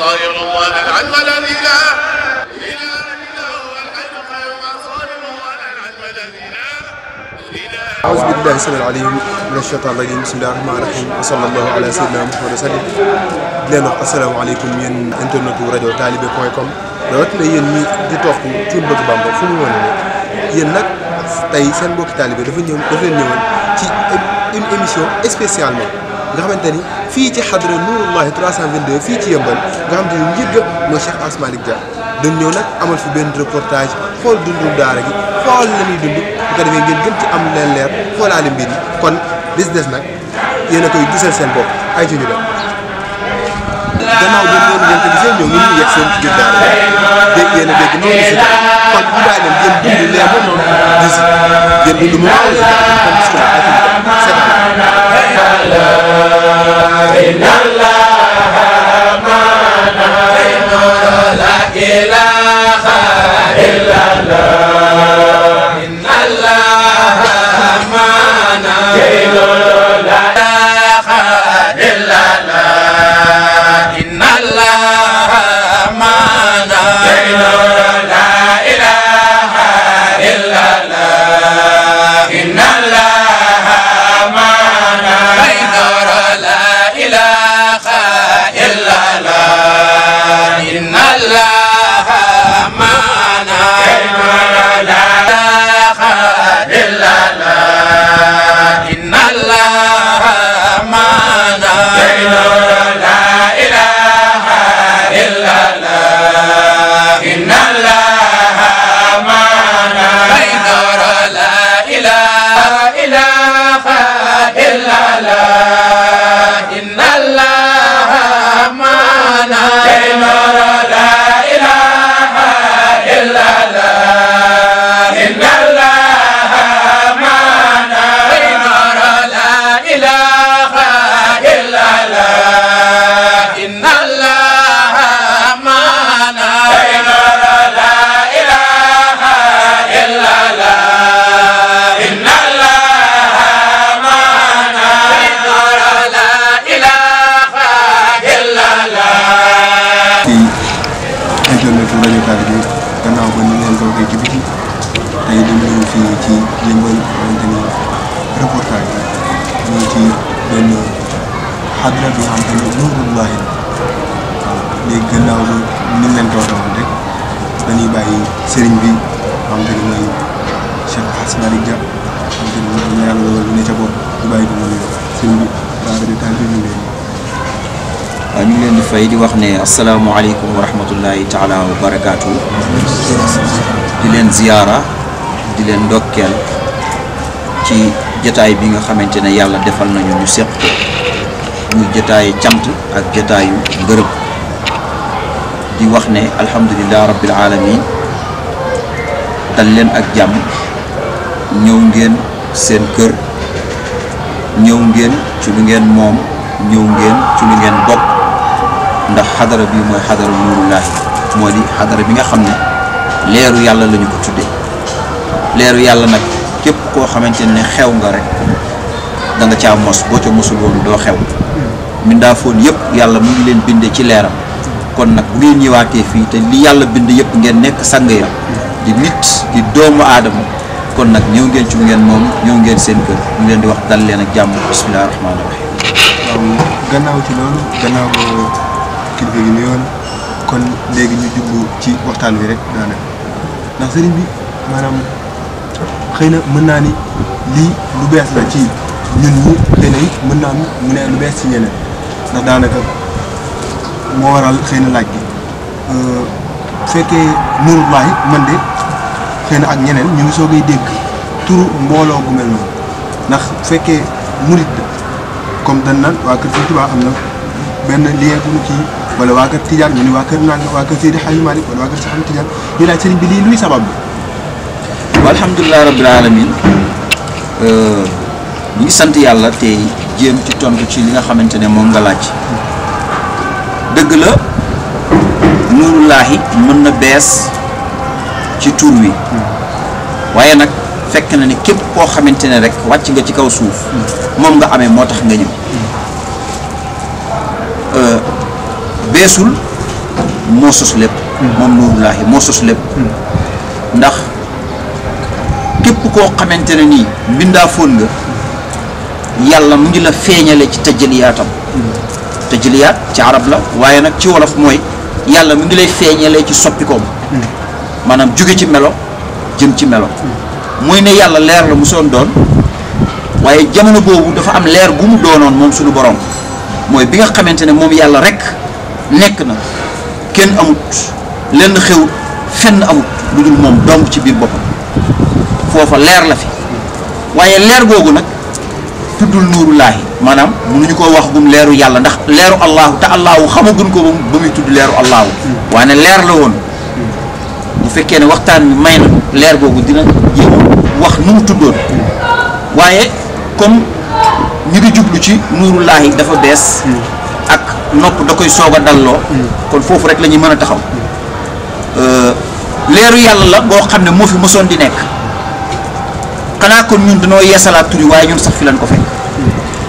صائر وانا العلم الذي لا أعوذ بالله السميع العليم من الشيطان الرجيم بسم الله الرحمن الرحيم وصلى الله على سيدنا محمد صلى الله عليه وسلم السلام عليكم من انترنت وراديو طالب كويكم رات لي يني دي توك تي بوك بامبا فمو وني يين نك تاي سن بوك طالب دا فا نيو دا فا نيو تي ان ايميسيون سبيسيالمون nga xamante ni fii ci xadra Nuurullahi 322 fii ci yëmbal nga xamante ni njëgg mooy Cheikh Ass Malick Dia dañ ñëw nag amal fi benn reportage xool dundu daara gi xool la ñuy dund bu ko defee ngeen gën ci am leen leer xoolaale mbir yi kon business nag yéen a koy gisal seen bopp ay ci ñu dem. gannaaw bi noonu ngeen ko gisee ñëw ñun ñu yegg seen biir daara bi dégg yéen a dégg noonu si daal kon bu daay dem ngeen dund leer moom di si ngeen dund moom si daal kon gis nga ay ci ñu dem la ilaha illallah Jai leen tootaloon sëriñ bi xam ñu ngi leen di fay di wax ne asalaamaaleykum wa rahmatullahi taala wa barakaatu. di leen ziyaara di leen ndokkeel ci jataay bi nga xamante ne yàlla defal nañu ñu séq ko muy jataayu cant ak jataayu ngërëm. di wax ne alhamdullilah rabbil alamin dal len ak jam ñëw ngeen seen kër ñëw ngeen ci lu ngeen mom ñëw ngeen ci lu ngeen bok ndax hadara bi moy hadara nurullah moo di xadara bi nga xamne leeru yàlla lañu ko tuddé leeru yàlla nak kep ko xamante ne xew nga rek da nga caa mos bo ca musul won do xew min da fon yep yàlla mu ngi leen bindé ci leeram kon nag bu ngeen ñëwaatee fii te li yàlla bind yëpp ngeen nekk sang ya di nit di doomu aadama kon nag ñëw ngeen ci ngeen moom ñëw ngeen seen kër ñu leen di wax dal leen ak jàmm bisimilah rahmaani rahiim. gannaaw ci loolu gannaaw kilifa kon léegi ñu jublu ci waxtaan wi rek daanaka ndax sëriñ bi maanaam xëy na mën naa ni lii lu bees la ci ñun ñi xëy na it mën naa mu ne lu bees ci ñeneen ndax daanaka. moo waral xëy na laaj bi euh, bu fekkee Nurullahi man de xëy na ak ñeneen ñu ngi soogay dégg turu mbooloo gu mel noonu ndax bu fekkee murit la comme dañ naan waa kër Sëñ Tuubaa am na benn lien bu ñu kii wala waa kër Tijaan ñu ni waa kër Nanga waa kër Seydi Xaaji Maalik waa kër Saxam Tijaan ñu laaj sëriñ bi lii luy sabab bi. alhamdulilah rabbil alamin euh, ñu ngi sant yàlla tey jéem ci tontu ci li nga xamante ne moom nga laaj. dëgg la nuurulaahi mën na bees ci tur wi waaye nag fekk na ne képp koo xamante ne rek wàcc nga ci kaw suuf moom nga amee moo tax nga ñëw euh, beesul moo sos lépp moom lépp ndax képp koo xamante ne nii mbindaa nga yàlla mu ngi la feeñale ci tëjëliyaatam tajliyaat ci arab la waaye nag ci wolof mooy yàlla mu ngi lay feeñalee ci soppikoom maanaam jóge ci melo jëm ci melo mooy ne yàlla leer la mu soon doon waaye jamono boobu dafa am leer gu mu doonoon moom suñu borom mooy bi nga xamante ne moom yàlla rek nekk na kenn amut lenn xewut fenn amut lu dul moom dong ci biir boppam foofa leer la fi waaye leer googu nag tuddul nuuru laahi maanaam mënuñu ko wax gum leeru yàlla ndax leeru allahu te allahu xamagun ko ba muy tudd leeru allahu waaye ne leer la woon bu fekkee ne waxtaan bi may na leer googu dina jéem wax nu mu tuddoon waaye comme ñu ngi jublu ci nuuru dafa bees ak nopp da koy soog a dalloo kon foofu rek lañuy mën a taxaw euh, leeru yàlla la boo xam ne moo fi mësoon di nekk xanaa kon ñun dañoo yeesalaat tur yi waaye ñun sax fi leen ko fekk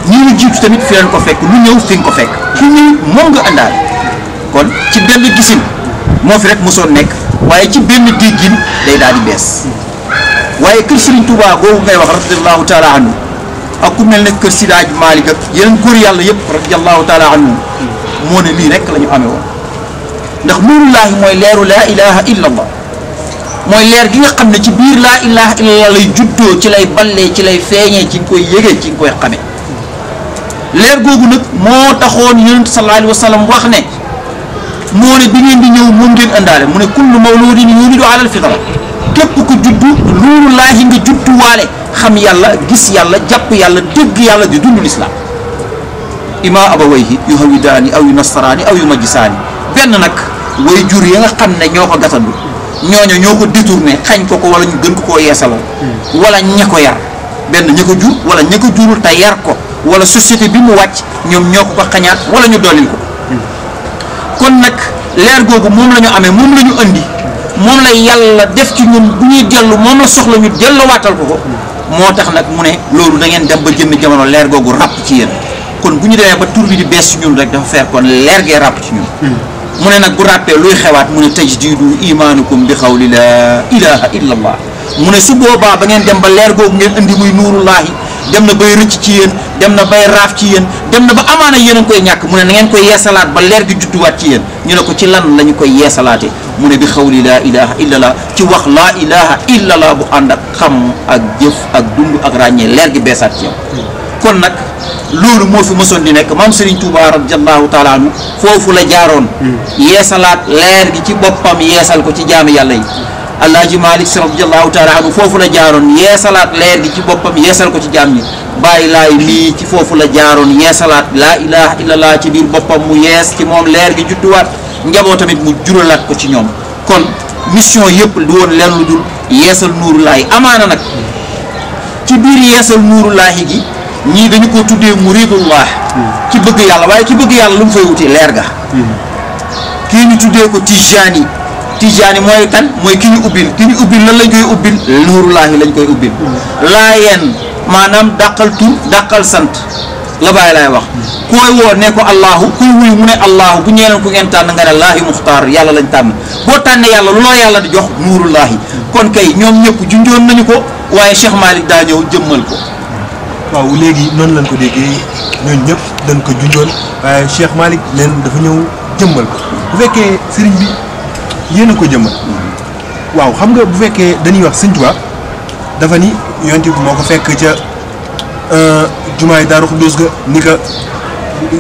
ñii ñu jiitu tamit fi ko fekk lu ñëw fi nga ko fekk fi ñëw moom nga àndaale kon ci benn gisin moo fi rek mosoon nekk waaye ci benn déggin day daal di bees waaye kër Serigne Touba googu ngay wax radiyallahu taala anhu ak ku mel ne kër Sidaaj Malick ak yeneen góor yàlla yëpp radiyallahu taala anhu moo ne lii rek lañu ñu amee woon ndax nuurullaahi mooy leeru laa ilaha illa mooy leer gi nga xam ne ci biir laa ilaha illallah lay juddoo ci lay ballee ci lay feeñee ci nga koy yëgee ci nga koy xame leer googu nag moo taxoon yonent sallallahu wax ne moo ne bi ngeen di ñëw moom ngeen indaale mu ne kullu mawludin yulidu alal fitra képp ku juddu loolu laahi nga judduwaale xam yàlla gis yàlla jàpp yàlla dégg yàlla di dund lislaam ima abawayhi yu hawidaani aw yu nasaraani aw yu majisaani benn nag way jur ya nga xam ne ñoo ko gatandu ñooñu ñoo ko détourné xañ ko ko wala ñu gën ko koo yeesaloo. wala ña ko yar benn ña ko jur wala ña ko jurul te yar ko wala société bi mu wàcc ñoom ñoo ko ko xañaat wala ñu dollil ko. kon nag leer googu moom la ñu amee moom la ñu andi moom la yàlla def ci ñun bu ñuy dellu moom la soxla ñu delluwaatal ko ko. moo tax nag mu ne loolu da ngeen dem ba jëmmi jamono leer googu ràpp ci yéen kon bu ñu demee ba tur bi di bees ci ñun rek dafa feer kon leer gee ràpp mu ne nag bu ràppee luy xewaat mu ne tajdidu imaanukum bi xawli laa ilaha illa allah mu ne su boobaa ba ngeen dem ba leer googu ngeen indi muy nuurullahi dem na bay rëcc ci yéen dem na bay raaf ci yéen dem na ba amaana yéen a ngi koy ñàkk mu ne na ngeen koy yeesalaat ba leer gi judduwaat ci yéen ñu ne ko ci lan lañu koy yeesalaate mu ne bi xawli laa ilaha illa ci wax laa ilaha illa bu ànd ak xam ak jëf ak dund ak ràññee leer gi beesaat ci yow kon loolu moo fi mësoon di nekk maam Serigne Touba radiyallahu taala foofu la jaaroon. Hmm. yeesalaat leer gi ci boppam yeesal ko ci jaami yàlla yi. Alaaji Malik Si foofu la jaaroon yeesalaat leer ci boppam yeesal ko ci jaam ñi bàyyi laay mii ci foofu la jaaroon yeesalaat laa ilaha illallah ci biir boppam mu yees ci moom leer gi judduwaat njaboot tamit mu juralaat ko ci ñoom kon mission yëpp du woon lenn lu dul yeesal nuuru laahi amaana nag ci biir yeesal nuuru laahi gi. ñii dañu ko tuddee muridullah ci bëgg yàlla waaye ci bëgg yàlla lu mu fay wuti leer ga kii ñu tuddee ko tijaani tijaani mooy kan mooy ki ñu ubbil ki ñu ubbil lan lañ koy ubbil nuurullaahi lañ koy ubbil laayeen maanaam dàqal tur dàqal sant la bàyyi laay wax koy woo ne ko allahu kuy wuyu mu ne allahu bu ñeeneen ku ngeen tànn nga ne laahi muxtaar yàlla lañ tànn boo tànnee yàlla lu la yàlla di jox nuurullaahi kon kay ñoom ñëpp junjoon nañu ko waaye Cheikh Malick daa ñëw jëmmal ko waaw léegi noonu lañ ko déggee ñooñu ñëpp dañ ko junjoon waaye Cheikh Malick leen dafa ñëw jëmbal bu fekkee sëriñ bi yéen a ko jëmmal waaw xam nga bu fekkee dañuy wax sëñ dafa ni yonent bi moo ko fekk ca euh, jumaay Daaru Xudoos ga ni ko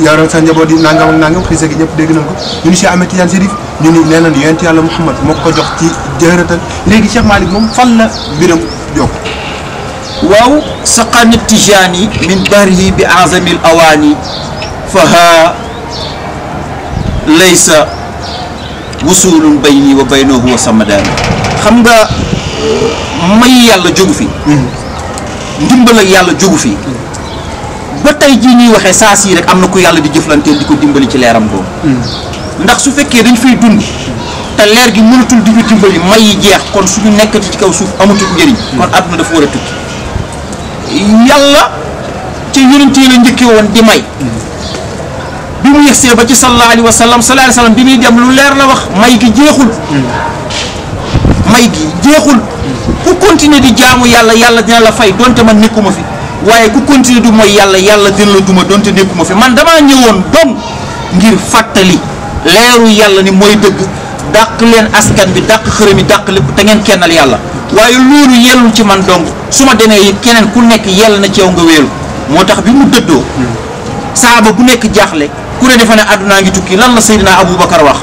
yaral sa njaboot yi naa ak nangam xiise gi ñëpp dégg nañ ko ñun ni Cheikh Ahmed Tidiane Chérif ñu ni nee nañ yonent yàlla Muhammad moo ko jox ci jëhëratan léegi Cheikh Malick moom fan la biram yokk واو سقان التجاني من داره بأعظم الأواني فها ليس وصول بيني وبينه وصمدان خمغا مي يالا جوغفي ديمبل اك يالا جوغفي با تاي جي ني وخي ساسي رك امنا كو يالا دي جيفلانتي ديكو ديمبلي سي ليرام بو ndax su fekke dañ fay dund ta leer gi mënatul dibi dibali may jeex kon suñu nekk ci kaw suuf amatu njëriñ kon aduna dafa wara yàlla ci yonent yi la njëkkee woon di may bi mu see ba ci sallallahu alayhi wa sallam sallallahu alayhi wa sallam bi muy dem lu leer la wax may gi jeexul may gi jeexul ku continuer di jaamu yàlla yàlla dina la fay donte man nekkuma fi waaye ku continuer du mooy yàlla yàlla dina la duma donte nekkuma fi man damaa ñëwoon dong ngir fàttali leeru yàlla ni mooy dëgg dàq leen askan bi dàq xërëm yi dàq lépp te ngeen kennal yàlla waaye loolu yellul ci man dong su ma demee keneen ku nekk yell na ci yow nga wéeru moo tax bi mu dëddoo saaba bu nekk jaaxle ku ne defe ne àddunaa ngi tukki lan la Seydina Aboubacar wax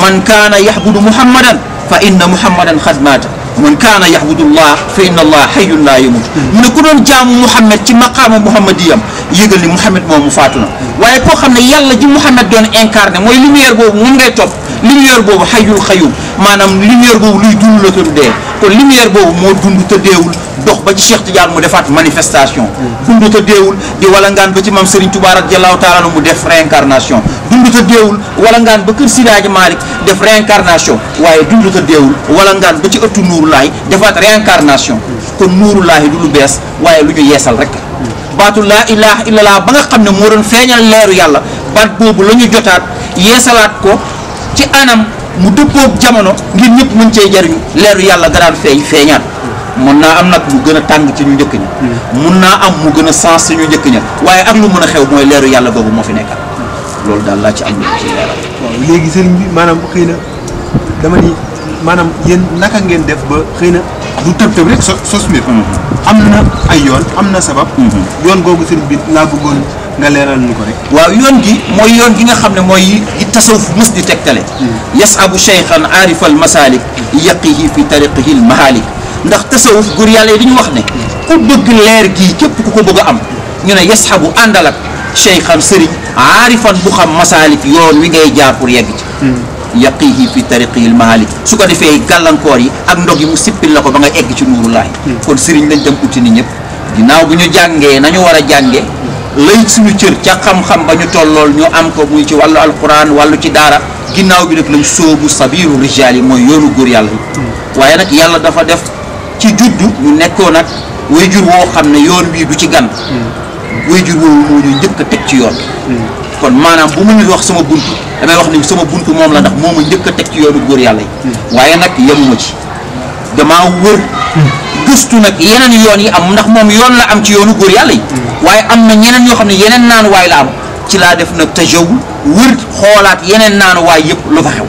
man kaana yaxbudu muhammadan fa inna muhammadan xad maata من كان يعبد الله فإن الله حي لا يموت من كون جام محمد في مقام محمد يم يغل محمد مو مفاتنا واي كو خامنا يالا جي محمد دون انكارن موي لومير بوب مون غاي توف لومير بوب حي الخيوم مانام لومير بوب لوي دوندو لاتم دي كون لومير بوب مو دوندو تا ديول دوخ با سي شيخ تيار مو ديفات مانيفستاسيون دوندو تا ديول دي ولا نغان با سي مام سيرن توبا رضي الله تعالى مو ديف رينكارناسيون dund te deewul wala ngaan ba kër Sidaaji Malick def réincarnation waaye du te deewul wala ngaan ba ci ëttu Nuurulaay defaat réincarnation kon Nuurulaay du lu bees waaye lu ñu yeesal rek baatu laa ilaha illallah ba nga xam ne moo doon feeñal leeru yàlla baat boobu la ñu jotaat yeesalaat ko ci anam mu dëppoog jamono ngir ñëpp mën cee jariñu leeru yàlla garaan feeñ feeñaat mun naa am nag mu gën a tàng ci ñu njëkk ña mun naa am mu gën a sens ci ñu ña waaye ak lu mën a xew mooy leeru yàlla boobu moo fi nekkal loolu daal laa ci am lu ci leeral. waaw léegi sëriñ bi maanaam xëy na dama ni maanaam yéen naka ngeen def ba xëy na du tëb tëb rek sos sos mbir. am na ay yoon am na sabab. yoon googu sëriñ bi laa bëggoon nga leeral ñu ko rek. waaw yoon gi mooy yoon gi nga xam ne mooy yi tasawuf mës di tegtale. yasabu cheikhan aarifal masalik yaqihi fi tariqihi al mahalik ndax tasawuf góor yàlla yi dañu wax ne. ku bëgg leer gii képp ku ko bëgg a am. ñu ne yasabu àndal ak. cheykhan sëriñ aarifan bu xam masaalik yoon wi ngay jaar pour yegg ci hmm. yaqihi fi tariqil maalik su ko defee gàllankoor yi ak ndox yi mu sippil la ko ba nga egg ci nuurulaahi hmm. kon sëriñ lañ dem uti ni ñëpp ginnaaw bu ñu jàngee nañu war a jànge hmm. lay suñu cër ca xam-xam ba ñu tollool ñu am ko muy ci wàllu alquran wàllu ci daara ginnaaw bi nag lañ sóobu sabiru rijaal yi mooy yoonu góor yàlla waaye nag yàlla dafa def ci juddu ñu nekkoo nag way jur woo xam ne du ci gan way jur moo ñu njëkk a teg ci yoon kon maanaam bu mu ñu wax sama bunt damay wax ni sama bunt moom la ndax moom ma njëkk a teg ci yoonu góor yàlla yi waaye nag yemuma ci damaa wër gëstu nag yeneen yoon yi am ndax moom yoon la am ci yoonu góor yàlla yi waaye am na ñeneen yoo xam ne yeneen naan waay la ci laa def nag tajaw wër xoolaat yeneen naan waay yëpp lu fa xew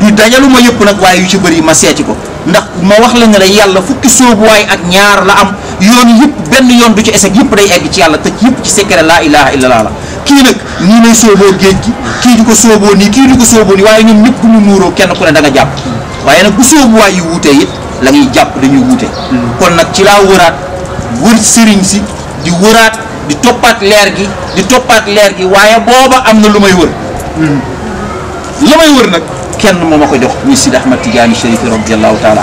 du dajaluma yëpp nag waaye yu ci bëri ma seeti ko ndax ma wax la ne la yàlla fukki sóobuwaay ak ñaar la am yoon yëpp benn yoon du ci esek yëpp day egg ci yàlla te yëpp ci secret laa ilaha illallah la kii nag nii lay sóoboo géej gi kii di ko sóoboo nii kii di ko sóoboo nii waaye ñoom ñëpp ku ñu nuuroo kenn ku ne da jàpp waaye nag bu sóobuwaay yi wuutee it la ngay jàpp dañuy wuute kon nag ci laa wëraat wër sëriñ si di wëraat di toppaat leer gi di toppaat leer gi waaye booba am na lu may wër la nag كان ممكن يدخل نسيد أحمد تجاني شريف رضي الله تعالى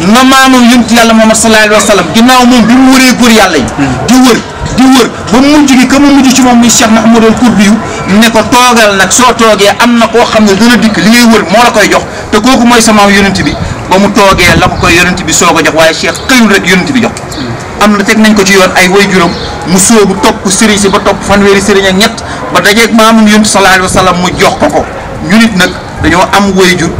نما نم ينتي على محمد صلى الله عليه وسلم جنا أمم بموري كوري عليه دور دور بمن جري كم من جيش من مسيح محمد الكوريو نكو توغل نكسو توغي أم نكو خم دون ديك ليور مالا كي يدخل تقول كم أي سماو ينتي بي بمن توغي الله كم كي ينتي بي سوغي يدخل وايش يقيم رك ينتي بي يدخل أم نتك نين كجيو أي وي جرم مسوب توب كسيري فنوري سيري نيت بدأ ما من ينتي صلى الله عليه وسلم مجيو كوكو ينتي نك dañoo am wayjur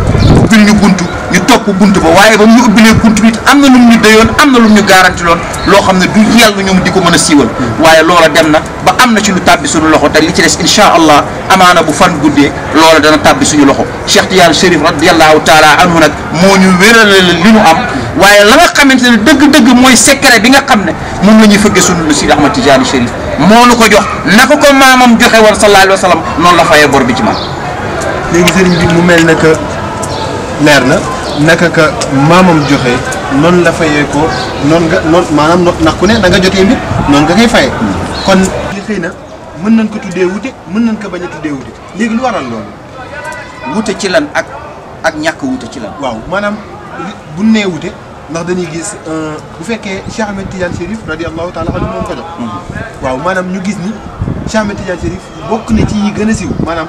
ubbil ñu bunt ñu topp bunt ba waaye ba ñu ubbilee bunt bi am na lum ñu dayoon am na lum ñu garanti loon loo xam ne du yàlla ñoom di ko mën a siiwal waaye loola dem na ba am na ci lu tàbbi suñu loxo te li ci des insha allah amaana bu fan guddee loola dana tàbbi suñu loxo Cheikh Tidiane Chérif radiallahu taala anhu nag moo ñu wérale li ñu am waaye la nga xamante ne dëgg-dëgg mooy secret bi nga xam ne moom la ñuy fëgge suñu lu Sidi Ahmad Tidiane Chérif moo nu ko jox na ko ko maamam joxe woon sa alayhi wa sallam la fayee bor bi ci man léegi sëriñ bi mu mel na que leer na naka ka maamam joxe noonu la fayee ko noonu nga noonu maanaam ndax ku ne da nga jotee mbir noonu nga koy fayee. kon li na mën nañ ko tuddee wute mën nañ ko bañ a tuddee wute léegi lu waral loolu. wute ci lan ak ak ñàkk wute ci lan. waaw maanaam bu nee wute ndax dañuy gis euh, bu fekkee Cheikh Ahmed Tidiane Chérif radiyallahu taala anhu ko jox. Hmm. waaw maanaam ñu gis ni Cheikh Ahmed Tidiane bokk na ci yi gën a siiw maanaam.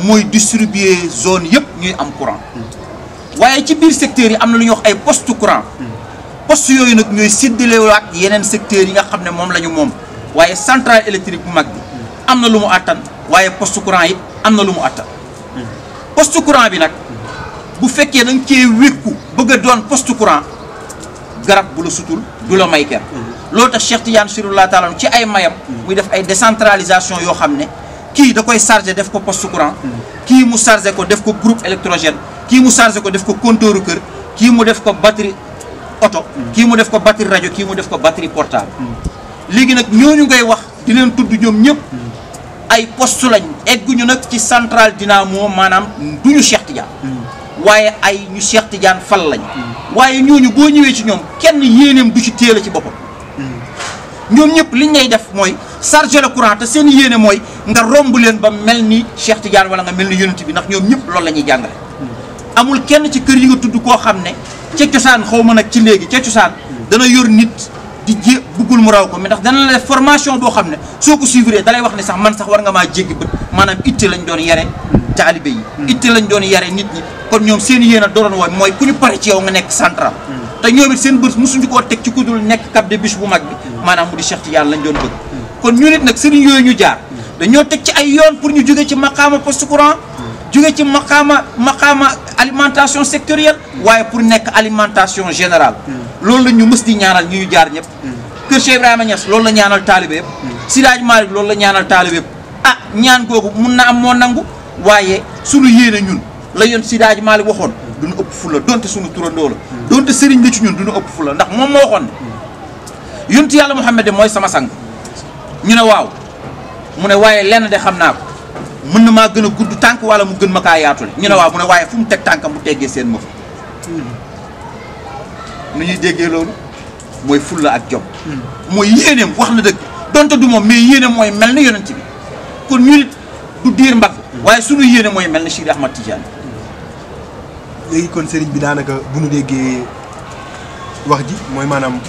moy distribuer zone yep ñuy am courant waaye ci biir secteur yi amna lu wax ay poste courant poste nak ñoy ñooy wat yenen secteur yi nga xam mom lañu la ñu centrale électrique bu mag bi am lu mu àttan waaye poste courant yi amna lu mu àttan poste courant bi n'ak, bu fekkee da ci cee bëgg doon poste courant garab bu la sutul du la may ker mm-hmm. loolu tax Cheikh Tidiane Chérif Allah taala ci ay mayam muy def ay décentralisation yo xam kii da koy chargé def ko poste courant kii mu chargé ko def ko groupe électrogène kii mu chargé ko def ko compteur kër kii mu def ko batterie oto kii mu def ko batterie rajo kii mu def ko batterie portable léegi nag ñooñu ngay wax di leen tudd ñoom ñëpp ay poste lañ egguñu nag ci centrale dynamo maanaam du ñu Cheikh Tidiane waaye ay ñu Cheikh Tidiane fal lañ waaye ñooñu boo ñëwee ci ñoom kenn yéeneem du ci téel ci boppam ñoom ñëpp liñ ngay def mooy chargé le courant te seen yéene mooy nga romb leen ba mel ni Cheikh Tidiane wala nga mel ni yonent bi ndax ñoom ñëpp lool lañuy jàng jàngale amul kenn ci kër yi nga tudd koo xam ne ca cosaan xaw ma nag ci léegi ca cosaan dana yor nit di jé buggul mu raw ko mais ndax dana la formation boo xam ne soo ko suivre dalay wax ne sax man sax war nga maa jéggi bët maanaam itte lañ doon yare taalibe yi hmm. itte lañ doon yare nit ñi kon ñoom seen yéen a doon woon mooy ku ñu pare ci yow nga nekk central hmm. te ñoom it seen bët mosuñu teg ci ku dul nekk bu mag hmm. maanaam mu di Cheikh Tidiane lañ doon bëgg kon ñu nit nag sëriñ yooyu ñu jaar dañoo teg ci ay yoon pour ñu jóge ci maqaama poste courant jóge ci maqaama maqaama alimentation sectorielle waaye pour nekk alimentation général loolu la ñu mës di ñaanal ñu ñu jaar ñëpp kër Cheikh Ibrahima Niass loolu la ñaanal taalibe yëpp Sidaaj Malick loolu la ñaanal taalibe yëpp ah ñaan googu mun na am moo nangu waaye suñu yéene ñun la yoon Sidaaj Malick waxoon duñu ëpp fula donte suñu turandoo la donte ci ñun duñu ëpp fula ndax moom moo waxoon ne yontu yàlla Muhammad mooy sama sang ñu ne waaw mu ne waaye lenn de xam naa ko mën na maa gën a gudd tànk wala mu gën ma kaa yaatule ñu ne waaw mu ne waaye fu mu teg tànka mu teggee seen ma fa nu ñuy déggee loolu mooy fulla ak jom mooy yéeneem wax na dëgg donte du moom mais yéeneem mooy mel na yonent bi kon ñu du diir mbagg waaye sunu yéene mooy mel na Cheikh Ahmad Tidiane léegi kon sëriñ bi daanaka bu nu déggee wax ji mooy maanaam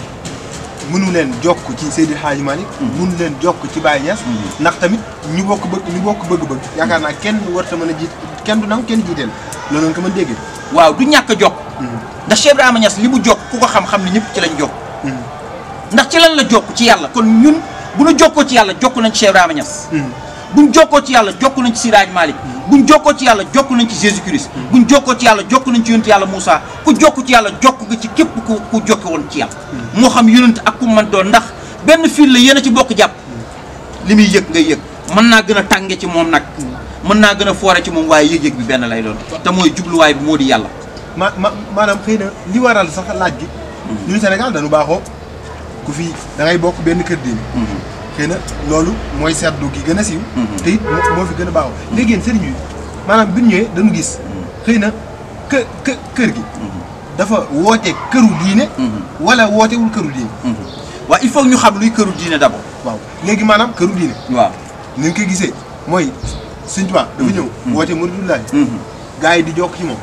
mënu leen jokk ci Seydi Hadji Malick mm. mënu leen jokk ci Baye Niass mm. ndax tamit ñu bokk bëgg ñu bokk bëgg-bëgg yaakaar naa kenn war sa mën a jiit kenn du nangu kenn jiiteel loolu nga ko mën déggee waaw du ñàkk a jokk mm. ndax Cheikh Ibrahima Niass mu jokk ku ko xam-xam ne ñëpp ci lañ jokk ndax ci lan la jokk ci yàlla kon ñun bu ñu jokkoo ci yàlla jokk nañ ci Cheikh Ibrahima Niass buñ jokkoo ci yàlla jokk nañ ci Seydi Hadji Malick buñ jokkoo ci yàlla jokk nañ ci Jésus Christ buñ jokkoo ci yàlla jokk nañ ci yonent yàlla Moussa ku jokk ci yàlla nga ci képp ku ku jokk woon ci moo xam yonent ak ku man doon ndax benn fii la yéen a ci bokk jàpp li muy yëg ngay yëg mën naa gën a tànge ci moom nag mën naa gën a foore ci moom waaye yëg-yëg bi benn lay doon te mooy jubluwaay bi moo di yàlla ma ma maanaam xëy na li waral sax laaj bi hmm. ñun Sénégal dañu baaxoo ku fii da bokk benn kër diine hmm. xëy na loolu mooy seetlu gi gën a siiw. Mhm. te it moo fi gën a baaxoo. léegi yéen sëriñ yi maanaam bi ñu ñëwee dañu gis. Mhm. xëy na kë kë kër gi. Mhm. dafa woote këru diine. wala wootewul këru diine. waa il faut ñu xam luy këru diine d'abord. waaw léegi maanaam këru diine. waaw ni ñu koy gisee mooy Sëriñ Tuubaa dafa ñëw woote Muridullaahi. gaa yi di jokk ci moom.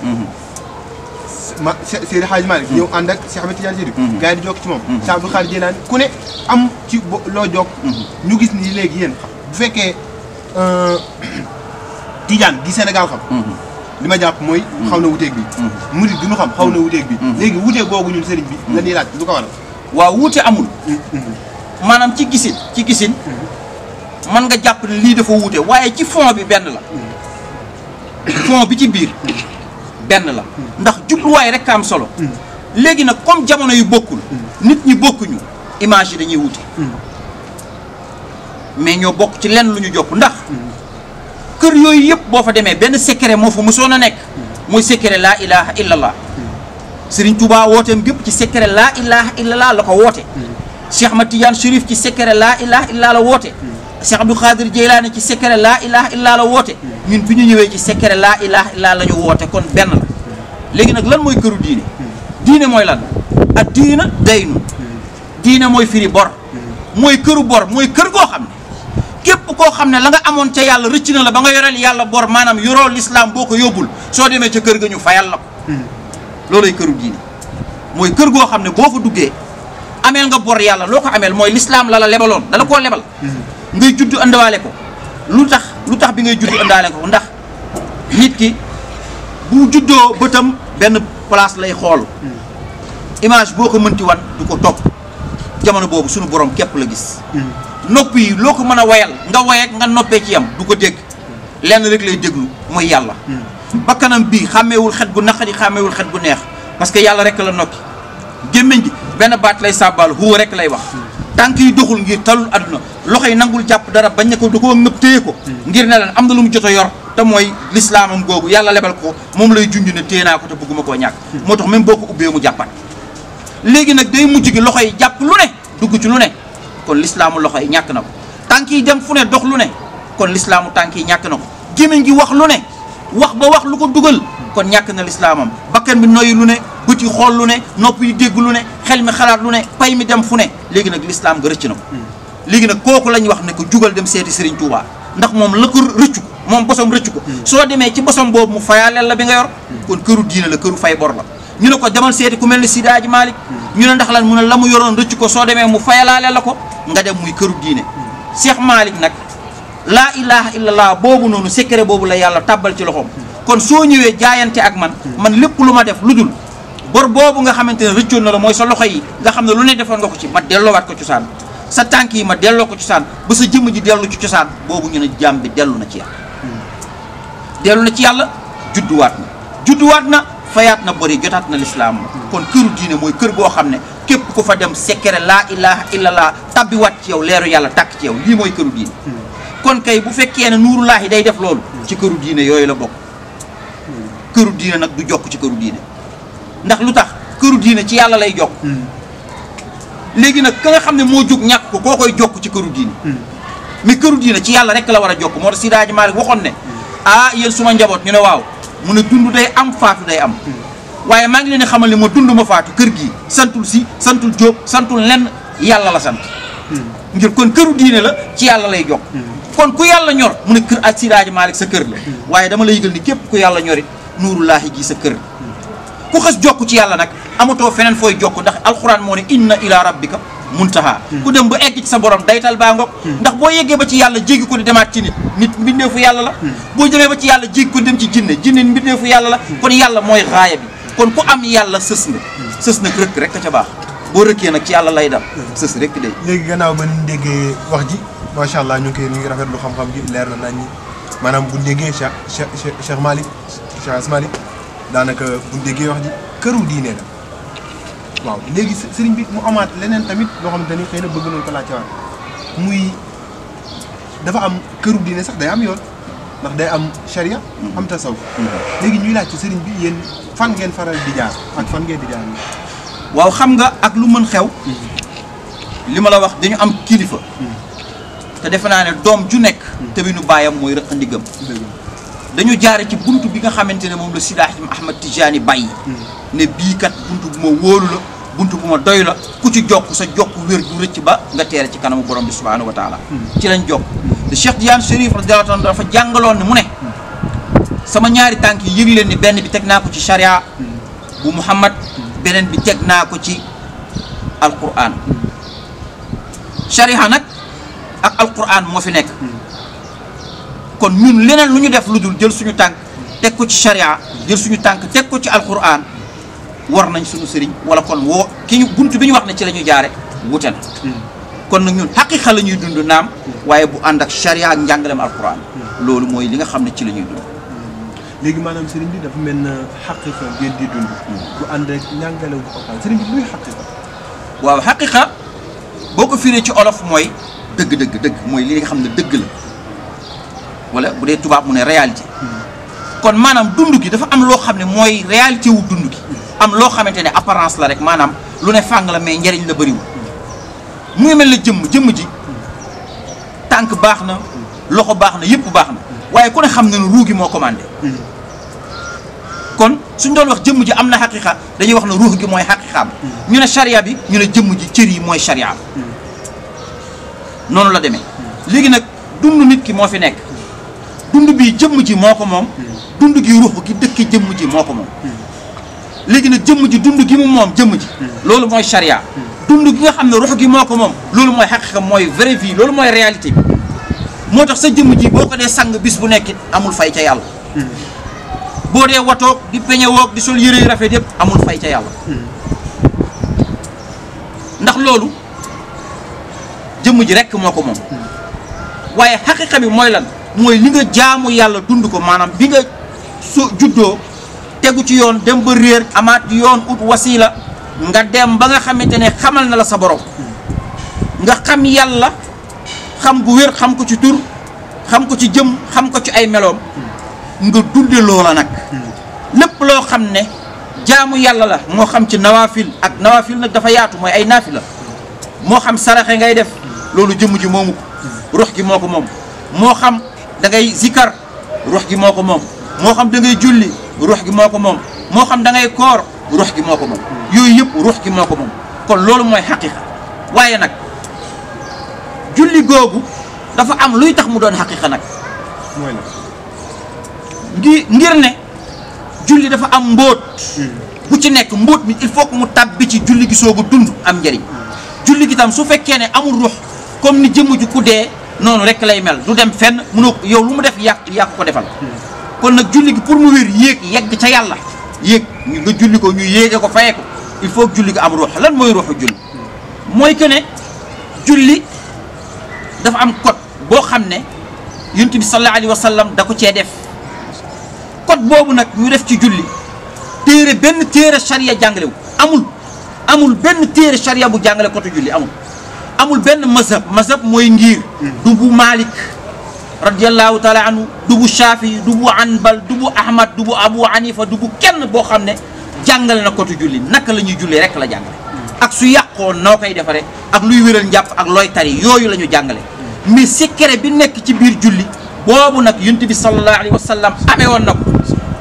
ma Seydi Hadj Malick ñëw hmm. ànd ak Cheikh Ahmed Tidiane Chérif hmm. gars yi di jokk ci moom hmm. Cheikh Abdou Khadre Jilani ne am ci loo jokk ñu gis ni léegi yéen bu fekkee euh, Tidiane gi senegal xam li ma jàpp mooy xaw na wuteeg bi murid bi ñu xam xaw na wuteeg bi léegi wuteeg googu ñun sëriñ bi la ñuy laaj lu ko waral waaw wuute amul maanaam ci gisin ci gisin nga jàpp ne lii dafa wute waaye ci fond bi benn la fond bi ci biir benn la ndax jubluwaay rek am solo léegi nag comme jamono yu bokkul nit ñi bokkuñu image yi dañuy wute mais ñoo bokk ci lenn lu ñu jopp ndax kër yooyu yëpp boo fa demee benn secret moo fa mosoon a nekk mooy secret laa ilaha illallah Serigne Touba wooteem gépp ci secret laa ilaha la ko woote Cheikh ma Tidiane Chérif ci secret laa ilaha illallah la woote Cheikh Abdou Khadir Jeylaani ci secret laa ilaha illaa la woote ñun bi ñu ñëwee ci secret laa ilaha illaa la ñu woote kon benn la léegi nag lan mooy këru diine diine mooy lan ak diina daynu diine mooy firi bor mooy këru bor mooy kër goo xam ne képp koo xam ne la nga amoon ca yàlla rëcc na la ba nga yoreel yàlla bor maanaam yoroo lislaam boo ko yóbbul soo demee ca kër ga ñu fayal la ko loolay këru diine mooy kër goo xam ne boo ko duggee ameel nga bor yàlla loo ko ameel mooy lislaam la la lebaloon dala koo lebal ngay juddu andawale ko lutax lutax bi ngay juddu andale ko ndax nit ki bu juddo beutam ben place lay xol image boko meunti wat duko top jamono bobu sunu borom kep la gis nopi loko meuna wayal nga waye nga noppé ci yam duko deg dégg lenn rek lay deglu moy yalla bakanam bi xàmmeewul xet gu xet gu neex parce que yalla rek la nokki gémmiñ ben bat lay hu rek lay wax tànk yi doxul ngir talul àdduna loxo yi nangul jàpp dara bañ ne ko da koo ngëb téye ko ngir ne lan am na lu mu jot a yor te mooy lislaamam googu yàlla lebal ko moom lay junj ne téye naa ko te bëgguma koo ñàkk moo tax même boo ko ubbee mu jàppaat léegi nag day mujj gi loxo yi jàpp lu ne dugg ci lu ne kon lislaamu loxo yi ñàkk na ko tànk yi dem fu ne dox lu ne kon lislaamu tànk yi ñàkk na ko gémmiñ gi wax lu ne wax ba wax lu ko dugal kon ñàkk na lislaamam bakkan bi noyyi lu ne bët yi xool lu ne nopp yi dégg lu ne xel mi xalaat lu ne pay mi dem fu ne léegi nag lislaam nga rëcc na ko hmm. léegi nag kooku lañ wax ne ko jugal dem seeti Serigne Touba ndax moom la ko rëccu ko moom bosom rëccu ko hmm. soo demee ci bosom boobu mu fayaaleel la bi nga yor hmm. kon këru diine la fay bor la ñu ne ko demal seeti ku mel ni Sidi Hadji Malick ñu ne lan mu ne la mu yoroon rëccu ko soo demee mu fayalaaleel la ko nga dem muy këru diine Cheikh Malick nag laa ilaha illallah boobu noonu secret boobu la yàlla tàbbal ci loxoom kon soo ñëwee jaayante ak man man lépp lu ma def lu dul bor boobu nga xamante ne rëccoon na la mooy sa loxo yi nga xam ne lu ne defoon nga ko ci ma delloowaat ko cosaan sa tànk yi ma delloo ko cosaan ba sa jëmm ji dellu ci cosaan boobu ñu ne jàmm bi dellu na ci yàlla dellu na ci yàlla judduwaat na judduwaat na fayaat na bori jotaat na lislaam kon këru diine mooy kër goo xam ne képp ku fa dem sekkere laa ilaha illallah tabbiwaat ci yow leeru yàlla tàkk ci yow lii mooy këru diine kon kay bu fekkee ne nuurulaahi day def loolu ci këru diine yooyu la bokk këru nag du jokk ci këru diine ndax lu tax këru diine ci yàlla lay jokk hmm. léegi nag ka nga xam ne moo jóg ñàkk ko koo koy jokk ci këru diine mais hmm. këru diine ci yàlla rek la war a jokk moo tax si daaji Maalik waxoon ne hmm. ah yéen suma njaboot ñu ne waaw mu ne dund day am faatu day am waaye maa ngi leen di xamal ne ma dund ma faatu kër gi santul si santul jóob santul lenn yàlla la sant kon këru diine la ci yàlla lay jokk kon ku yàlla ñor mu ne kër si daaji Maalik sa kër la waaye dama la yëgal ni képp ku yàlla ñorit nuurullaahi gi sa kër ko xës jokku ci yàlla nag amatoo feneen fooy jokk ndax alxuraan moo ne inna ila rabbika muntaha hmm. ku dem ba egg ci sa borom daytal baa ngoog hmm. ndax boo yeggee ba ci yàlla jéggi ko di demaat ci nit nit mbindeefu yàlla la hmm. boo demee ba ci yàlla jéggi ko dem ci jinne jinne mbindeefu yàlla la kon yàlla mooy raaya bi kon ku am yàlla sës nga sës nag rëkk rek ka ca baax boo rëkkee nag ci yàlla lay dal sës rek day léegi gannaaw ba ñu déggee wax ji macha allah ñu ngi koy ñu ngi rafet lu xam-xam ji leer na nañ ñi maanaam bu ñu déggee Cheikh Cheikh Cheikh Malick Cheikh daanaka buñ déggee wax ji këru diine la waaw léegi sëriñ bi mu amaat leneen tamit loo xamante ni xëy na bëgg nañ ko laajte waat muy dafa am këru diine sax day am yoon ndax day am charia am tasaw mm-hmm. léegi ñuy laaj ci sëriñ bi yéen fan ngeen faral di jaar ak fan ngeen di waaw xam nga ak lu mën xew mm-hmm. li ma la wax dañu am kilifa mm-hmm. te defe naa ne doom ju nekk te bi nu bàyyam mooy rëq ndigam dañu jaare ci bunt bi nga xamante ne moom la Sidi Ahmad Tijaani bàyyi hmm. ne bii kat bunt bu ma wóolu la bunt bu ma doy la ku ci jokk sa jokk wér du rëcc ba nga teere ci kanamu borom bi subhaanahu wa taala hmm. ci lañ jokk te Cheikh Tidiane Chérif radiyallaahu anhu dafa jàngaloon ne mu ne hmm. sama ñaari tànk yi yëg leen ni benn bi teg naa ko ci charia bu Muhammad beneen bi teg naa ko ci alquran charia nag ak alquran moo fi nekk kon ñun leneen lu ñu def lu dul jël suñu tànk teg ko ci charia jël suñu tànk teg ko ci alquran war nañ suñu sëriñ wala kon woo ki ñu bunt bi ñu wax ne ci lañuy jaare wute na hmm. kon nag ñun xaqiqa la ñuy dund naam waaye bu ànd ak charia ak njàngalem hmm. loolu mooy li nga xam ne ci la ñuy dund hmm. léegi maanaam sëriñ bi dafa mel na xaqiqa ngeen di dund bu ànd ak njàngale bu alquran sëriñ bi luy xaqiqa waaw xaqiqa boo ko firee ci olof mooy dëgg dëgg mooy li xam ne dëgg la wala bu dee tubaab mu ne réalité kon maanaam dund gi dafa am loo xam ne mooy réalité wu dund gi am loo xamante ne apparence la rek maanaam lu ne fàng la mais njëriñ la bëriwul mu ngi mel ne jëmm jëmm ji tànk baax na loxo baax na yëpp baax na waaye ku ne xam ne ruu gi moo commandé kon suñ doon wax jëmm ji am na xaqiqa dañuy wax ne ruux gi mooy xaqiqaam ñu ne charia bi ñu ne jëmm ji cër yi mooy charia noonu la demee léegi nag dund nit ki moo fi nekk dund bi jëmm ji moo ko moom hmm. dund gi ruux gi dëkk jëmm ji moo ko moom hmm. léegi nag jëmm ji dund gi mu moom jëmm ji hmm. loolu mooy charia dund gi nga xam ne ruux gi moo ko moom loolu mooy xaqiqa mooy loolu mooy réalité bi moo tax sa jëmm ji boo ko bis bu nekkit amul fay ca yàlla dee watoog di peñewoog di sol yëre yëpp amul fay ca yàlla ndax loolu jëmm ji rekk moo ko moom waaye xaqiqa bi mooy lan mooy li nga jaamu yàlla dund ko maanaam bi nga su juddoo tegu ci yoon dem ba réer amaat yoon ut wasiila nga dem ba nga xamante ne xamal na la sa borom nga xam yàlla xam gu wér xam ko ci tur xam ko ci jëm xam ko ci ay meloom nga dunde loola nag lépp loo xam ne jaamu yàlla la moo xam ci nawaafil ak nawaafil nag dafa yaatu mooy ay naafi la moo xam saraxe ngay def loolu jëmm ji moomu ko gi moo ko moom moo xam dangay ngay zikar ruux gi moo ko moom moo xam dangay julli ruux gi moo ko moom moo xam da ngay koor ruux gi moo ko moom yooyu yëpp ruux gi moo ko moom kon loolu mooy xaqiqa waaye nag julli googu dafa am luy tax mu doon xaqiqa nag mooy ne julli dafa am mbóot hmm. bu ci nekk mbóot mi il faut que mu tàbbi ci julli gi soogu dund am njariñ julli gi tam su fekkee ne amul ruux comme ni jëmm ju ku dee noonu rek lay mel du dem fenn mënoo yow lu mu def yàq yàq ko defal kon nag julli gi pour mu wér yéeg yegg ca yàlla yéeg nga julli ko ñu yéege ko fayee ko il faut julli gi am ruux lan mooy ruuxu julli mooy que ne julli dafa am code boo xam ne yonent bi sallallahu alayhi wa dako cee def code boobu nag ñu def ci julli téere benn téere charia jàngalewu amul amul benn téere charia bu jàngale code julli amul amul benn mazhab mazhab mooy ngir du maalik Malik radiallahu taala anhu du bu Shafi du bu Anbal du bu Ahmad du Abu Hanifa du kenn boo xam ne jàngale na kotu julli naka la ñuy julli rek la jàngale ak su yàqoon noo koy defaree ak luy wéral njàpp ak looy tari yooyu la ñu jàngale mais secret bi nekk ci biir julli boobu nag yunt bi sallallahu alayhi wa amee woon na ko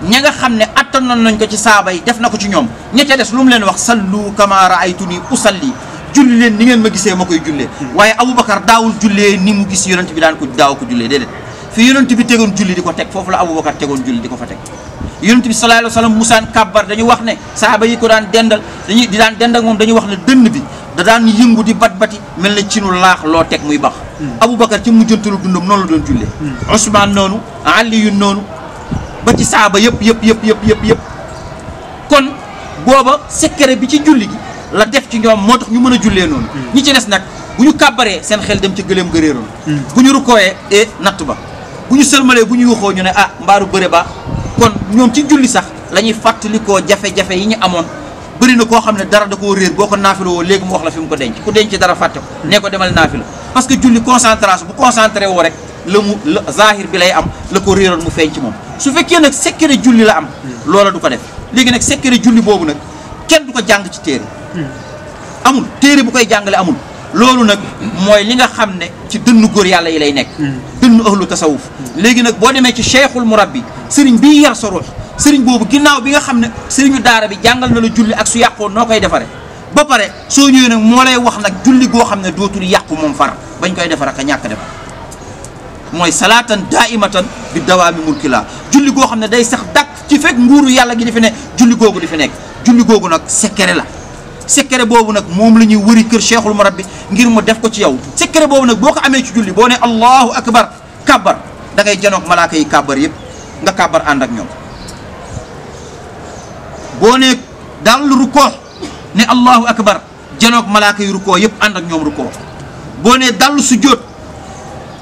ña nga xam ne attanoon nañ ko ci saaba yi def na ko ci ñoom ña ca des lu mu leen wax sallu kama raaytu ni usalli julli len ni ngeen ma gisee makoy julle waye abou bakkar daawul julle ni mu gis yonent bi daan ko daaw ko julle dedet fi yonent bi tegon julli diko tek fofu la abou bakkar tegon julli diko fa tek yonent bi sallallahu alaihi wasallam kabbar dañu wax ne sahaba yi ko daan dendal dañu di daan dendal mom dañu wax ne deun bi da daan yëngu di bat bati mel na cinu laax lo tek muy bax hmm. bakkar ci mujjantalu dundum non la doon julle hmm. usman nonu ali nonu ba ci sahaba yep. yep yep yep yep kon boba secret bi ci julli gi la def ci ñoom moo tax ñu mën a jullee noonu mm. ñi ci des nag bu ñu kàbbaree seen xel dem ci gëléem ga mm. bu ñu rukkooyee e natt ba bu ñu sëlmalee bu ñu yuuxoo ñu ne ah mbaaru bëre ba kon ñoom ci julli sax la ñuy fàttalikoo jafe-jafe yi ñu amoon bëri na koo xam ne dara da koo réer boo ko naafila woo léegi mu wax la fi mu ko denc ku denc dara fàtte ko nee ko demal naafila parce que julli concentration bu concentré woo rek la mu la zahir bi lay am la ko réeroon mu feeñ ci moom su fekkee nag secret julli la am mm. loola du ko def léegi nag secret julli boobu nag kenn du ko jàng ci téere amul téere bu koy jàngale amul loolu nag mooy li nga xam ne ci dënnu góor yàlla yi lay nekk hmm. dënnu ahlu tasawuf hmm. léegi nag boo demee ci cheikhul murabbi sëriñ bii yar soo ruux sëriñ boobu ginnaaw bi nga xam ne sëriñu daara bi jàngal na la julli ak su yàqoon noo koy defaree ba pare soo ñëwee nag moo lay wax nag julli goo xam ne dootul yàqu moom far bañ koy defar ak a ñàkk defar mooy salaatan daaimatan bi dawaami mulkila julli goo xam ne day sax dàkk ci fekk nguuru yàlla gi di ne julli googu di nekk julli googu nag secret la si secret boobu nag moom la ñuy wëri kër cheikhul murabbi ngir mu def ko ci yow secret boobu nag boo ko amee ci julli boo ne allahu akbar kàbbar da ngay janoog malaaka yi kàbbar yépp nga kàbbar ànd ak ñoom boo ne daal rukkoo ne allahu akbar janoog malaaka yi yëpp ànd ak ñoom rukkoo boo ne daal sujjóot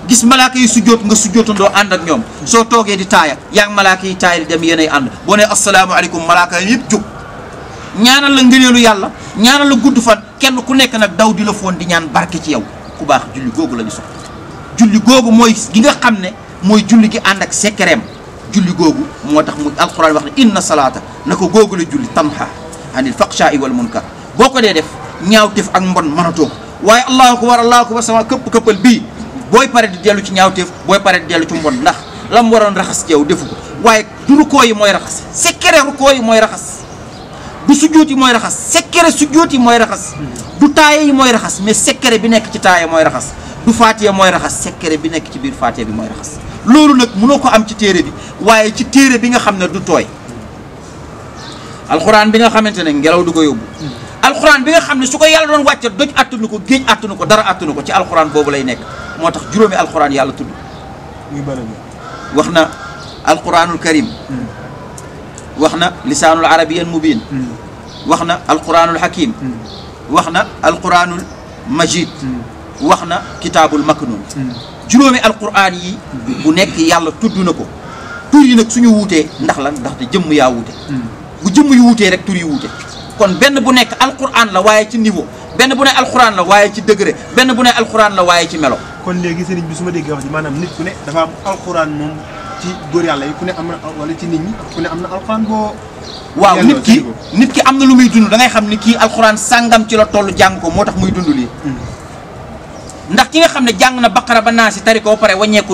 gis malaaka yi sujjóot nga sujjóotandoo ànd ak ñoom soo toogee di taaya yaa ngi malaaka yi taaya dem yéenay ànd boo ne asalaamaaleykum malaaka yi yëpp jóg ñaanal la ngeenelu yàlla ñaanal la gudd fan kenn ku nekk nak daw di la fon di ñaan barke ci yow ku baax julli gogu lañu sopp julli gogu moy gi nga xamne moy julli gi ànd ak secretem julli gogu motax mu alquran wax ne inna salata nako gogu la julli tamha anil faqsha wal munkar boko de def ñaaw tef ak mbon manato ko waaye allahu akbar allahu akbar sama kep kepal bi boy pare di delu ci ñaaw tef boy pare di delu ci mbon ndax lam waron raxas ci yow defu ko duru koy moy yi mooy raxas sekkereem rukkoo yi raxas du sujjuut yi mooy raxas secret sujjuut yi mooy raxas du taaye yi mooy raxas mais secret bi nekk ci taaye mooy raxas du faatiya mooy raxas secret bi nekk ci biir faatiya bi mooy raxas loolu nag mënoo ko am ci téere bi waaye ci téere bi nga xam ne du tooy alxuraan bi nga xamante ne ngelaw du ko yóbbu alxuraan bi nga xam ne su ko yàlla doon wàcce doj attunu ko géej attunu ko dara attunu ko ci alxuraan boobu lay nekk moo tax juróomi alxuraan yàlla tudd wax na alxuraanul karim واحنا لسان العربي المبين واحنا القران الحكيم واحنا القران المجيد واحنا كتاب المكنون جرومي القران يي بو نيك يالا تودو نكو توري نك سونو ووتي ندخ لا ندخ جيم يا ووتي بو جيم يي ووتي رك توري ووتي كون بن بو نيك القران لا وايي سي نيفو بن بو نيك القران لا وايي سي دغري بن بو نيك القران لا وايي سي ميلو كون ليغي سيرن بي سوما ديغي واخ دي مانام نيت كو دا فا القران موم ci góor yàlla yi ku ne am na wala ci nit ñi ku ne am na alxuraan boo. waaw nit ki nit ki am na lu muy dund da ngay xam ni kii alxuraan sàngam ci la toll jàng ko moo muy dund lii. Mm. ndax ki nga xam ne jàng na baqara ba naa si tari ko ba pare wàññeeku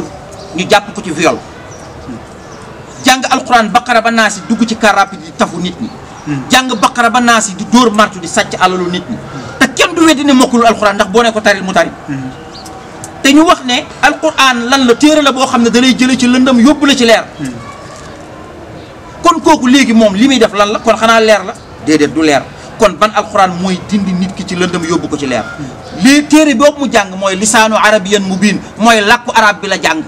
ñu jàpp ko ci viol. Mm. jàng alquran baqara ba naa si dugg ci car rapide di tafu nit ñi. Mm. jàng baqara ba naa di door martu di sàcc alalu nit ñi. te kenn du weddi ne mokkulul alxuraan ndax boo ne ko taril mu tari dañu wax ne alquran lan la téré la bo xamné da lay jël ci lëndam yobul la ci lèr kon koku légui mom limi def lan la kon xana lèr la déedéet du lèr kon ban alquran moy dindi nit ki ci lëndam yóbbu ko ci lèr li téré bok mu jang moy lisanu arabiyyan mubin moy lakku arab bi la jang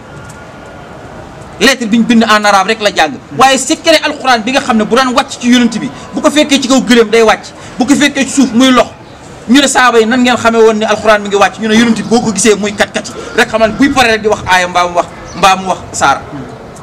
lettre biñ bind en arab rek la jang waye secret alquran bi nga xamné bu daan wacc ci yonent bi bu ko fekkee ci kaw gëlem day wacc bu ko fekkee ci suuf muy lox ñu ne saaba yi nan ngeen xamee woon ni alxuraan mi ngi wàcc ñu ne yonent bi boo ko gisee muy kat kat rek xamal buy pare rek di wax aaya mbaa mu wax mbaa mu wax saar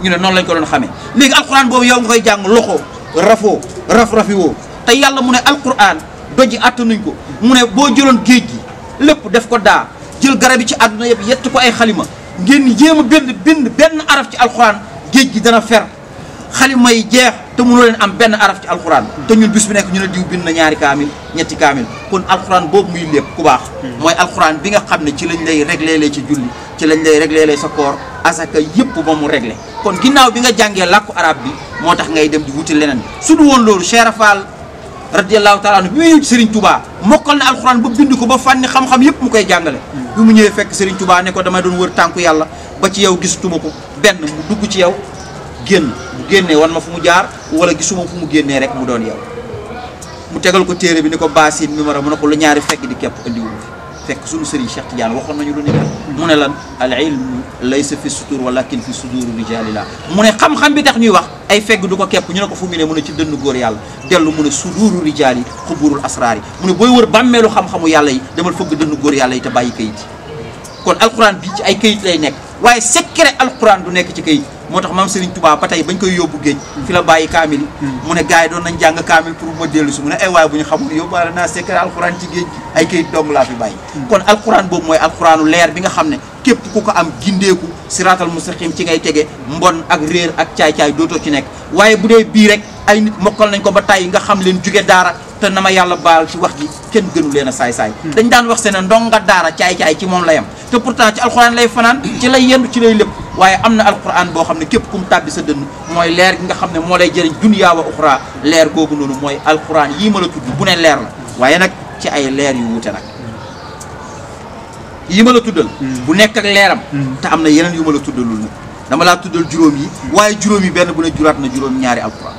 ñu ne noonu lañ ko doon xamee léegi alxuraan boobu yow nga koy jàng loxo rafoo raf rafiwoo te yàlla mu ne alxuraan doji attanuñ ko mu ne boo jëloon géej gi lépp def ko daa jël garabi ci àdduna yëpp yett ko ay xalima ngeen yéem a bind bind benn araf ci alxuraan géej gi dana fer xalima yi jeex te mënu leen am benn araf ci alquran te ñun bis bi nekk ñu ne diw bind na ñaari kaamil ñetti kaamil kon alquran boobu muy lépp ku baax mooy alquran bi nga xam ne ci lañ lay réglé asa ci julli ci lañ lay réglé sa koor asaka yépp ba mu réglé kon ginnaaw bi nga jàngee làkku arab bi moo ngay dem di wuti leneen su du woon loolu Cheikh rafal radiyallahu ta'ala bi muy Serigne Touba mokkal na alquran ba bind ko ba fànni xam-xam yépp mu koy jàngale bi mu ñëwee fekk Serigne Touba ne ko dama doon wër tànku yàlla ba ci yow gisatuma ko benn mu dugg ci yow génn bu génnee wan ma fu mu jaar wala gisuma fu mu génnee rek mu doon yow mu tegal ko téere bi ni ko baasin mi mara mu ne ko lu ñaari feg di képp andiwul fekk fekk suñu sëriñ Cheikh Tidiane waxoon nañu lu ni mu ne lan al ilmu laysa fi sutur walakin fi suduri rijalillah mu ne xam bi tax ñuy wax ay fegg du ko képp ñu ne ko fu mu ne mu ne ci dënn góor yàlla dellu mu ne suduru rijal yi xuburul asraar yi mu ne booy wër bàmmeelu xam-xamu yàlla yi demal fëgg dënn góor yàlla yi te bàyyi kayit yi kon alquran bi ci ay kayit lay nekk waaye secret alquran du nekk ci kayit moo tax maam Serigne Touba ba tey bañ koy yóbbu géej fi la bàyyi kaamil yi mu ne gars yi doon na jàng kaamil pour ma dellu si mu ne ay waay bu ñu xamul yóbbaale naa secret alxuraan ci géej ay kayit dong laa fi bàyyi hmm. kon alxuraan boobu mooy alxuraanu leer bi nga xam ne képp ku ko am gindeeku siraatal mustaqim ci ngay tege mbon ak réer ak caay-caay dootoo ci nekk waaye bu dee bii rek ay nit mokkal nañ ko ba tey nga xam leen jóge daara te na ma yàlla baal ci wax ji kenn gënu leen a saay-saay hmm. dañ daan wax seen ndonga daara caay-caay ci la yam te pourtant ci alxuraan fanaan ci lay yendu ci lay lépp waaye am na alquran boo xam ne képp kum tàbbi sa dënn mooy leer gi nga xam ne moo lay jëriñ dunyaa wa uxra leer googu noonu mooy alquran yii ma la bu ne leer waaye nag ci ay leer yu wuute nag yi ma la tuddal hmm. bu nekk ak leeram hmm. te am na yeneen yu ma la tuddalul nag dama laa tuddal juróom yi hmm. waaye juróom yi benn bu ne juraat na juróom ñaari alquran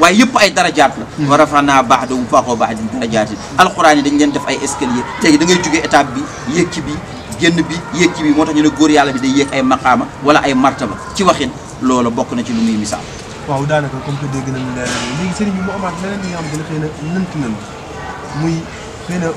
waaye yëpp ay darajaat la wa rafanaa ba'dahum fawqa ba'din darajaat yi alquran yi dañ leen def ay escalier léegi da ngay jóge étape bi yëkki bi génn bi yéeg ci bi moo tax ñu ne góor yàlla bi day yéeg ay maqaama wala ay martaba ci waxin loola bokk na ci lu muy misaal waaw daanaka comme que dégg nañ léegi sëriñ bi mu amaat xam ne xëy na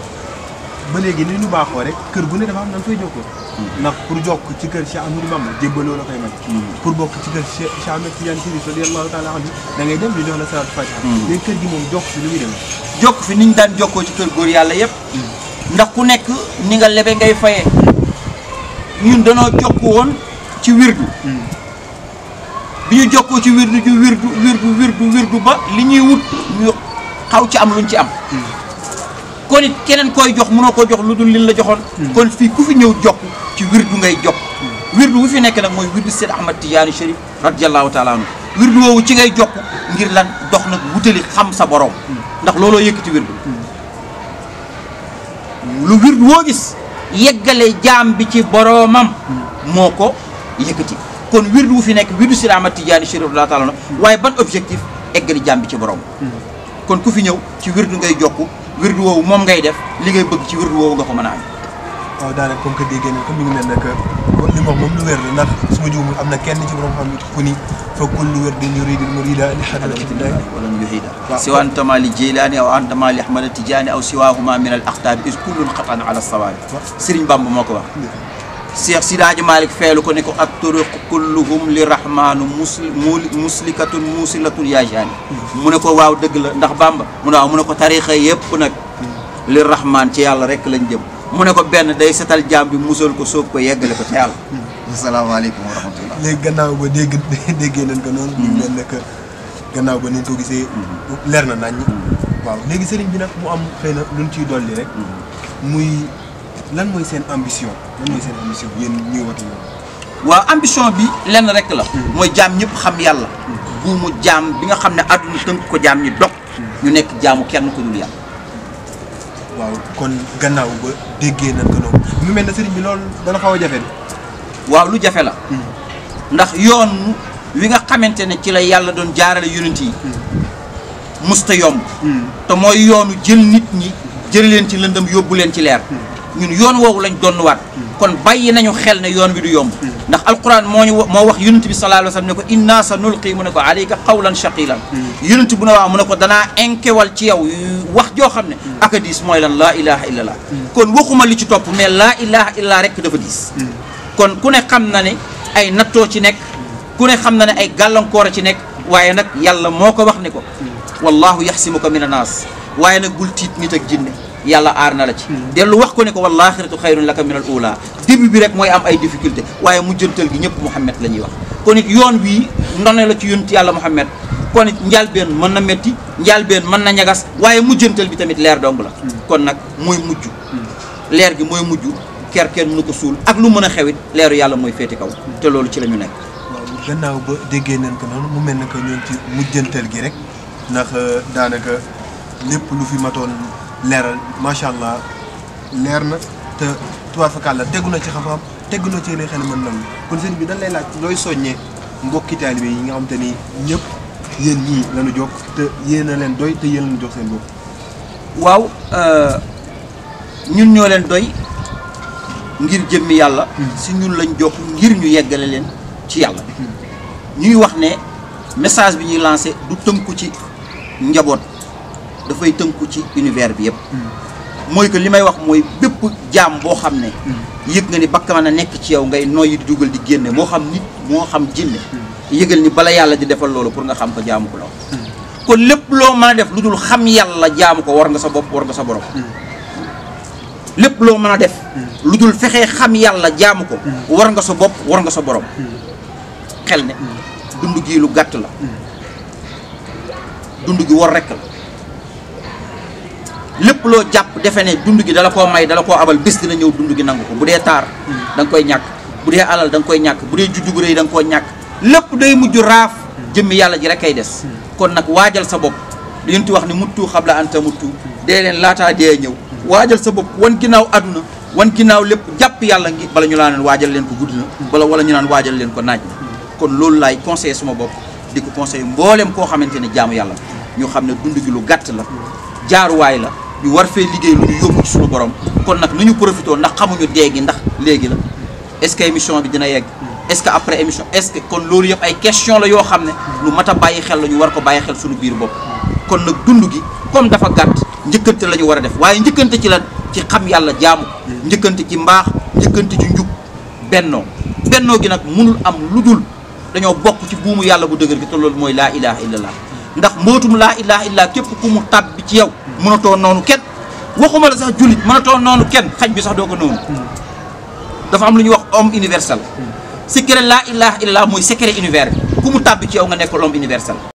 ba léegi ni ñu baaxoo rek kër gu ne dafa am nan fay mm-hmm. ndax pour jokk ci kër Cheikh Ahmadou Bamba jébbaloo la koy may mm-hmm. pour bokk ci kër Cheikh Ahmed Tidiane Chérif radiyallahu taala anhu da ngay dem jox la salaatu fatiha léegi mm-hmm. gi moom jokk fi lu muy dem jokk fi niñ daan jokkoo ci kër góor yàlla yëpp ndax ku nekk ni nga lebe ngay fayee ñun danoo jokk woon ci wirdu bi ñu jokkoo ci wirdu ju wirdu wirdu wirdu wirdu ba li ñuy wut ñu xaw ci am luñ ci am konit keneen koy jox mënoo ko jox lu dul lin la joxoon kon fii ku fi ñëw jokk ci wirdu ngay jox wirdu wu fi nekk nag mooy wirdu Seyd Ahmad Tijaani Chérif radiallahu taala anhu wirdu woowu ci ngay jokk ngir lan dox nag wutali xam sa boroom ndax looloo yëkkati wirdu lu wirdu woo gis yeggale jaam bi ci boroomam moo ko yëkkati kon wirdu wu fi nekk wirdu Siraama Tijaani Chérifullah taala na waaye ban objectif eggali jaam bi ci boroom kon ku fi ñëw ci wirdu ngay jokku wirdu woowu moom ngay def li ngay bëgg ci wirdu woowu nga ko mën سواء انتما لجيلاني او انتما لاحمد التجاني او سواهما من الاخطاب اذ كل خطا على الصواب سيرن بامبو مكو شيخ سيداج مالك فعل كونيكو الطرق كلهم للرحمن مسلكه موسله يا جاني مونيكو واو دغ لا نخ بامبا مونا مونيكو تاريخ ييب نك للرحمن تي يالا رك لا نجم mu ne ko benn day seetal jaam bi musal ko sóob ko yeggale ko sa yàlla. asalaamaaleykum wa rahmatulah. léegi gannaaw ba dégg déggee nañ ko noonu. ñu mel ne gannaaw ba ne ko gisee. leer na nañ. waaw léegi sëriñ bi nag mu am xëy na luñ ciy dolli rek. muy lan mooy seen ambition. lan mooy seen ambition yéen ñuy woote ñoom. waaw ambition bi lenn rek la. Hmm. mooy jaam ñëpp xam yàlla. Hmm. buumu jaam bi nga xam ne àdduna tënk ko jaam ñi dog. Hmm. ñu nekk jaamu kenn ku dul yàlla. waaw kon gannaaw ba déggee nañ ko noonu mu mel ne sëriñ bi loolu dana xaw a jafe waaw lu jafe la. Hmm. ndax yoon wi nga xamante ne ci la yàlla doon jaarale yonent yi. Hmm. musta yomb. Hmm. te mooy yoonu jël nit ñi jël leen ci lëndëm yóbbu leen ci leer. ñun yoon woowu lañ donnuwaat kon bàyyi nañu xel ne yoon wi du yomb ndax alquran moo ñu moo wax yonent bi sallallahu alayhi wa sallam ne ko inna sa nulqi mu ne ko alayka qawlan shaqilan yonent bu ne waaw mu ne ko danaa enkewal ci yow wax joo xam ne ak a diis mooy lan laa ilaha illallah kon waxuma li ci topp mais laa ilaha illallah rek dafa diis kon ku ne xam na ne ay nattoo ci nekk ku ne xam na ne ay gàllankoor a ci nekk waaye nag yàlla moo ko wax ne ko wallahu yaxsimuka min annaas waaye nag bul tiit nit ak jinne yàlla aar na la ci dellu wax ko ne ko wal aaxiratu xayrun laka min al uula début bi rek mooy am ay difficulté waaye mujjantal gi ñëpp Muhammad la ñuy wax kon it yoon wi none la ci yonent yàlla Muhammad kon it njàlbeen mën na metti njàlbeen mën na ñagas waaye mujjantal bi tamit leer dong la kon nag mooy mujj leer gi mooy mujj ker kenn mënu ko suul ak lu mën a xewit leeru yàlla mooy féete kaw te loolu ci la ñu nekk gannaaw ba déggee nañ ko noonu mu mel na ko ñoom ci mujjantal gi rek daanaka lépp lu fi matoon ler maşallah ler na te tubaab fakal la tegu na ci xam-xam tegu na ci li xel mën nam kon sëñ bi dañ lay laaj looy soññee mbokki taalibe yi nga xam te ni ñëpp yéen ñii lañu jokk te yéen a leen doy te yéen lañu jox seen bopp waaw euh, ñun ñoo leen doy ngir jëmmi yàlla hmm. si ñun lañ jokk ngir ñu yeggale leen ci yàlla hmm. ñuy wax ne message bi ñuy lancé du tënku ci njaboot dafay tënku ci univers bi yëpp. Hmm. mooy que li may wax mooy bépp jaam boo xam ne. Hmm. yëg nga ni bakkan a nekk ci yow ngay noyyi di dugal di génne moo xam nit moo xam jinne hmm. yëgal ni bala yàlla di defal loolu pour nga xam ko jaamu ko la kon lépp loo mën a def lu dul xam yàlla jaamu ko war nga sa bopp war nga sa borom. lépp loo mën a def. lu dul fexee xam yàlla jaamu ko. war nga sa bopp war nga sa borom. xel ne dund gi lu gàtt la. dund gi war rekk la. lépp loo jàpp defe ne dund gi dala koo may dala koo abal bés dina ñëw dund gi nangu ko bu dee taar hmm. danga koy ñàkk bu dee alal danga koy ñàkk bu dee juddu gu rëy da nga koo ñàkk lépp day mujj raaf jëmm yàlla ji rek ay des hmm. kon nag waajal sa bopp li ñu wax ni muttu la anta muttu dee leen laataa dee ñëw hmm. waajal sa bopp wan ginnaaw àdduna wan ginnaaw lépp jàpp yàlla ngi bala ñu laa naan waajal leen ko guddi na bala wala ñu naan waajal leen ko naaj kon loolu laay suma bopp di ko conseillé mboolem koo xamante ne jaamu yàlla ñu xam ne dund gi lu gàtt la jaaruwaay la ñu war fee liggéey lu ñu yóbbu ci suñu borom kon nag lu ñu profitoo ndax xamuñu dee gi ndax léegi la est-ce que émission bi dina yegg est-ce que après émission est-ce que kon loolu yëpp ay question la yoo xam ne lu mat a bàyyi xel la ñu war ko bàyyi xel suñu biir bopp kon nag dund gi comme dafa gàtt njëkkante la ñu war a def waaye njëkkante ci la ci xam yàlla jaamu njëkkante ci mbaax njëkkante ci njub bennoo bennoo gi nag munul am lu dul dañoo bokk ci buumu yàlla bu dëgër gi te mooy laa ilaha illallah ndax mbootum laa ilaha illa képp ku mu tàbbi ci yow mënatoo noonu kenn waxuma la sax jullit mënatoo noonu kenn xaj bi sax doo ko noonu dafa am lu ñuy wax om universel secret laa ilaha illa mooy secret univers bi ku mu tàbbi ci yow nga nekk l'homme universel